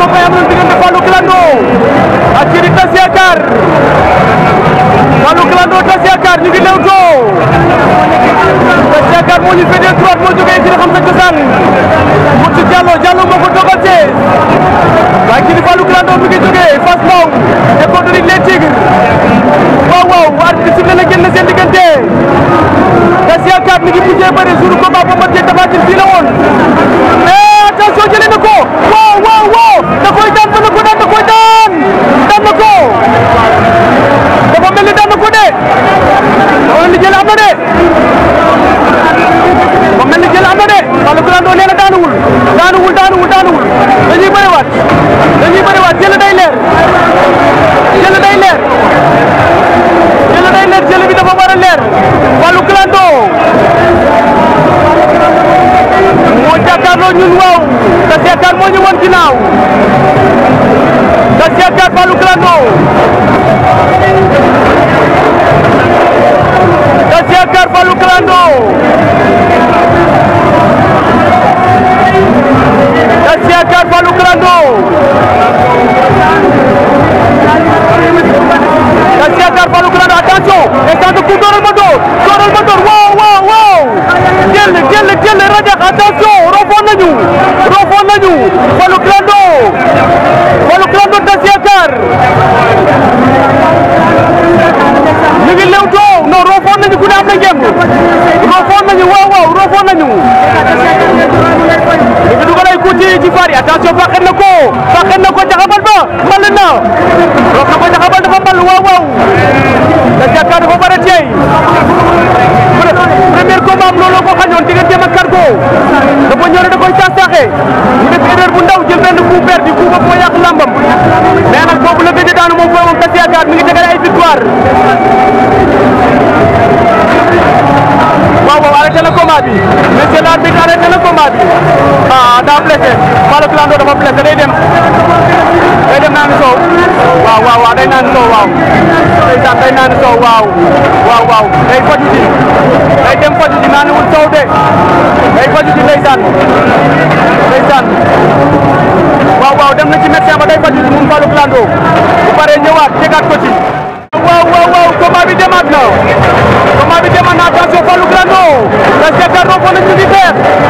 moo koy am na diggante Fallou Clando ak kii di Tass Yakar Fallou Clando Tass Yakar ñu ngi lewtoo Tass Yakar moo ñu féetee droite moo jógee ci xam sa cosaan mut ci Diallo Diallo moo ko dogatee waaye kii di Fallou Clando mi ngi jógee Fass Mbaw école de les Tigres waaw waaw waar bi si ne la génn seen diggante Tass Yakar mi ngi mujjee bëri jour combat Bombardier Tapha Tine fii la woon Boy daan daan na ko dafa mel ni daan na ko de dafa mel ni jël am na de dafa mel ni jël am na de waaw le grand nee na daanuwul daanuwul daanuwul daanuwul dañuy bëriwaat dañuy bëriwaat jël day leer jël day leer jël day leer jël bi dafa war a leer wàllu clando moo jàkkaarloo ñun waaw te seetaan moo ñu woon ginnaaw Daqui para o Cranon. Daqui para o Cranon. Daqui para o Cranon. Daqui para o Cranon. Atenção, está tudo o Doral Motor. Doral Motor, uau, uau, uau. Dele, dele, atenção, roubou nenhum. Roubou nenhum. Para o Cranon. Ahmed Tass Yakar ñu ngi lewtoo non roofoon ku ne am na ngemb roofoon nañu waaw waaw roofoon nañu ñu ngi dugal ay kuti ci fari attention fàqen na ko fàqen na ko jaxabal ba mbal na roof na ko jaxabal dafa mbal waaw waaw Tass Yakar dafa bare tey yaakaar ni Bouba moo yàq lambam mais nag boobu la gëj a daanu moom Boy moom tas yaakaar mi ngi tegale ay victoire waaw waaw arrêté na combat bi monsieur l'arbitre arrêté na combat bi ah daa blessé Malo Clando dafa blessé day dem day dem naani soow waaw waaw waaw day naani soow waaw ndeysaan day naani soow waaw waaw waaw day faju ji day dem faju ji naaniwul soow de day faju ji ndeysaan ndeysaan waaw dem na ci médecin ba day faj ci moom Fallou Clando bu paree ñëwaat tegaat ko ci. waaw waaw waaw combat bi na combat bi na attention Fallou Clando parce que Cardo foofu la ñu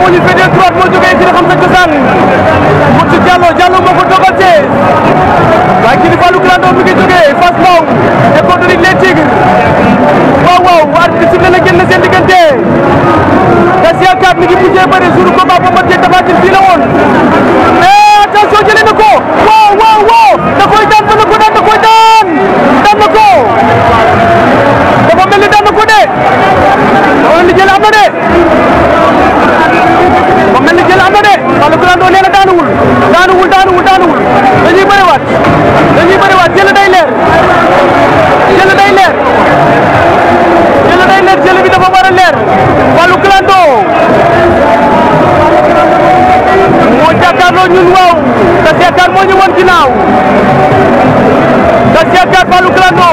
moo ñu féetee droite moo jógee ci li xam sa cosaan mu ci Diallo Diallo moo ko dogal see waaye kii di Fallou Grando mi ngi jógee Fass Mbaw école de lutte les Tigres waaw waaw waar bi sifflé na génn seen diggante Tass Yakar mi ngi mujjee bëri suñu combat ba mat Tapha Tine fii la woon mais eh, attention jëlee na ko waaw waaw waaw da koy daan ba na ko daan da koy daan daan na ko dafa mel ni daan na ko de loolu li jëlee am na de. na de Fallou Clando nee na daanuwul daanuwul daanuwul daanuwul dañuy bëriwaat dañuy bëriwaat jël day leer jël day leer jël day leer jël bi dafa war a leer Fallou Clando moo jàkkaarloo ñun waaw te seetaan moo ñu woon ginnaaw te seetaan Fallou Clando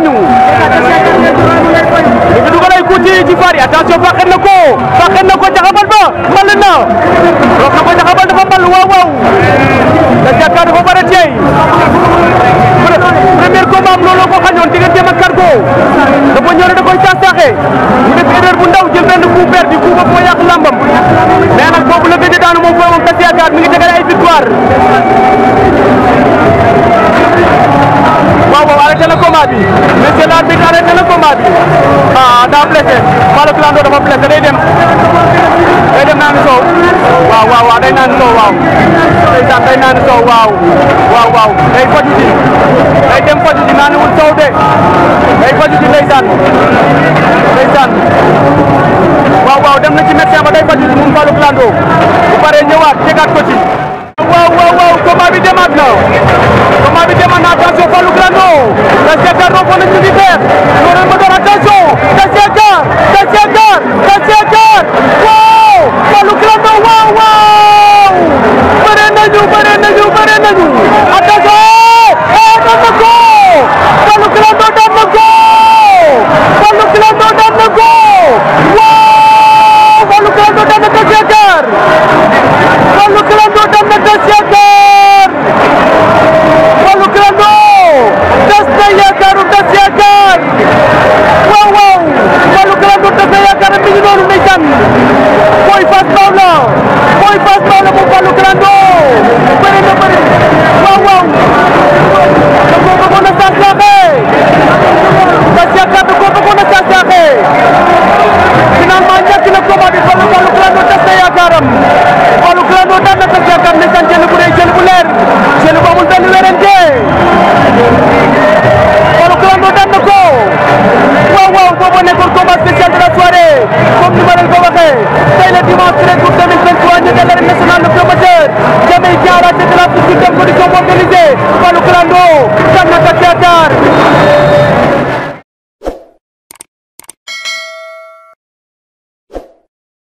génn mu ngi dugal ay coup ci Fary attention fàqet na ko fàqet na ko jaxabal ba mbal na rox na ko jaxabal dafa mbal waaw waaw da jàkkaar dafa bare tey premier combat am looloo ko xañoon digganteem ak Cargo dafa ñëw ne da koy saax-saaxe mu def erreur bu ndaw jël benn coup perdu coup ba moo yàq làmbam mais nag boobu la gëj a daanu moom boobu moom tas yaakaar mi ngi tegale ay victoire arrêté na combat bi monsieur l'arbitre arrêté na combat bi ah daa blessé Fallou Clando dafa blessé day dem day dem naan soow waaw waaw waaw day naan soow waaw ndeysaan day naan soow waaw waaw waaw day soow de day faju ji ndeysaan ndeysaan waaw dem na ci médecin ba day faju ji moom Fallou Clando bu paree ñëwaat jegaat ko ci waaw waaw waaw combat bi demaat na combat bi dem na attention Fallou Grando la Jakarta rompoon na ñu ngi xeex